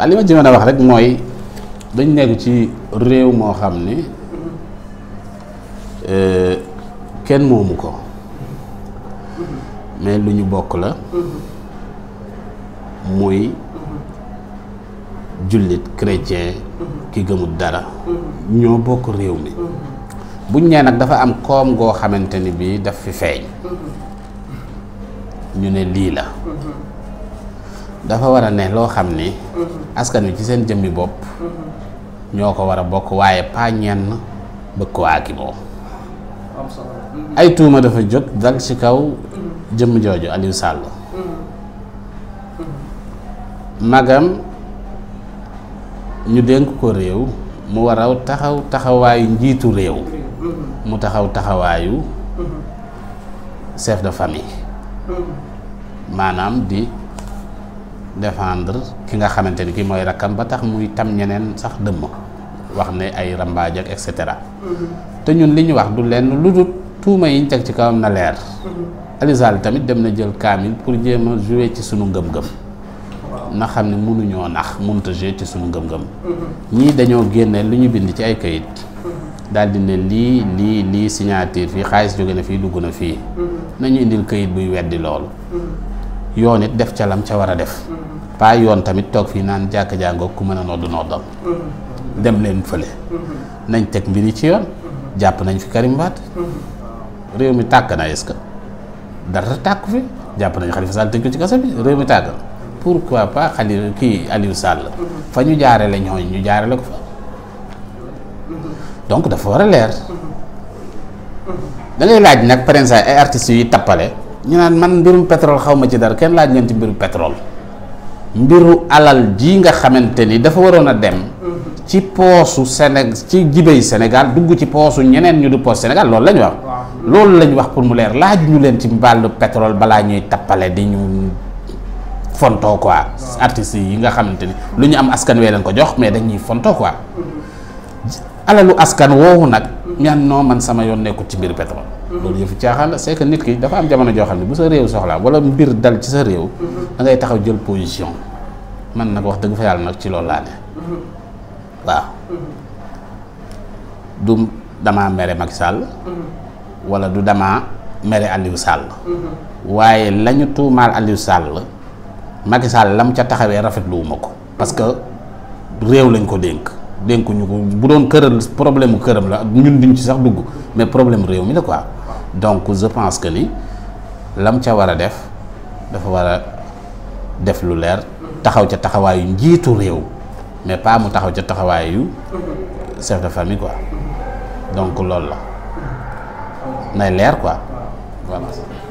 waaw li ma ci a wax rek mooy dañ nekk ci réew moo xam ni euh, kenn moomu ko mais lu ñu bokk la muy jullit chrétien ki gëmul dara ñoo bokk réew mi buñ nee nag dafa am koom goo xamante ni bii daf fi feeñ ñu ne lii la dafa war a ne loo xam ni mhm. askan wi ci seen jëmmi bopp mhm. ñoo ko war a bokk waaye pas ñenn bëgg ko aaki moom mhm. ay tuuma dafa jóg dal ci kaw jëmm jooju Aliou Sall magam ñu dénk ko réew mu waraw taxaw taxawaayu njiitu réew mu taxaw taxawaayu chef de famille maanaam di défendre ki nga xamante ni ki mooy rakkam ba tax muy tam ñeneen sax dëmm wax ne ay rambaaj ak et cetera mm-hmm. te ñun li ñu wax du lenn lu dul tuuma yiñ teg ci kawam na leer mm-hmm. alisaal tamit dem na jël kaamil pour jéem a jouer ci sunu ngëm-ngëm na xam ne mënuñoo nax mënuta jouer ci sunu ngëm-ngëm mm-hmm. ñii dañoo génne lu ñu bind ci ay kayit daal di ne lii lii lii fii xaalis jóge na fii dugg na fii nañu indil kayit buy weddi loolu yoon it def ca lam ca war a def pas yoon tamit toog fii naan jàkk jàngoog ku mën a nodd noddal mm-hmm. dem leen fële mm-hmm. nañ teg mbir yi ci yoon mm-hmm. jàpp nañ fi Karim Wade réew mi tàkk na est-ce que tàkku fi jàpp nañ Khalifa Sall tëj ko ci kaso bi réew mi tàkk na pourquoi pas Khalifa kii Aliou Sall fa ñu jaarale ñooñ ñu jaarale ko fa donc dafa war a leer da ngay laaj nag par exemple ay yi tappale ñu naan man mbirum pétrole xaw ma ci dara kenn laaj ngeen ci mbirum pétrole mbiru alal ji nga xamante ni dafa waroon a dem ci poosu Sénégal ci jibey Sénégal dugg ci poosu ñeneen ñu du poos Sénégal loolu lañu wax loolu lañu ñu wax pour mu leer laaj ñu leen ci mbàllu pétrole balaa ñuy tappale di ñu fontoo quoi artistes yi nga xamante ni lu ñu am askan wee leen ko jox mais dañuy fontoo quoi mm-hmm. alalu askan woowu nag mm-hmm. ñaan noo man sama yoon nekkul ci mbir pétrole mm-hmm. loolu yëfu caaxaan la c'est que nit ki dafa am jamono joo xam ne bu sa réew soxlaa wala mbir dal ci sa réew da ngay taxaw jël position man nag wax dëgg fa yàlla nag ci loolu laa ne waaw du damaa mere Macky Sall wala du damaa mere Aliou Sall waaye la ñu tuumaal Aliou Sall Macky Sall la mu ca taxawee rafetluwuma ko parce que réew lañ ko dénk dénkuñu ko bu doon këral problème mu këram la ñun duñ ci sax dugg mais problème réew mi la quoi donc je pense que ni lam ca war a def dafa war a def lu leer taxaw ca taxawaayu njiitu réew mais pas mu taxaw ca taxawaayu chef de famille quoi donc loolu la nay leer quoi voilà.